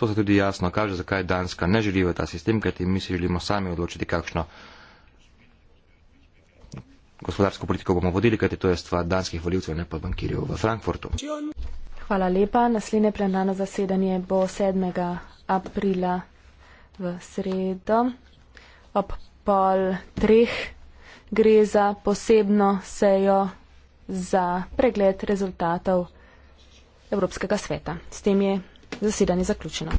To se tudi jasno kaže, zakaj Danska ne želi v ta sistem, kajti mi si želimo sami odločiti, kakšno gospodarsko politiko bomo vodili, kajti to je stvar danskih voljivcev, ne pa bankirjev v Frankfurtu. Hvala lepa. Naslednje plenarno zasedanje bo 7. aprila v sredo ob pol treh. Gre za posebno sejo za pregled rezultatov Evropskega sveta. S tem je zasedanje zaključeno.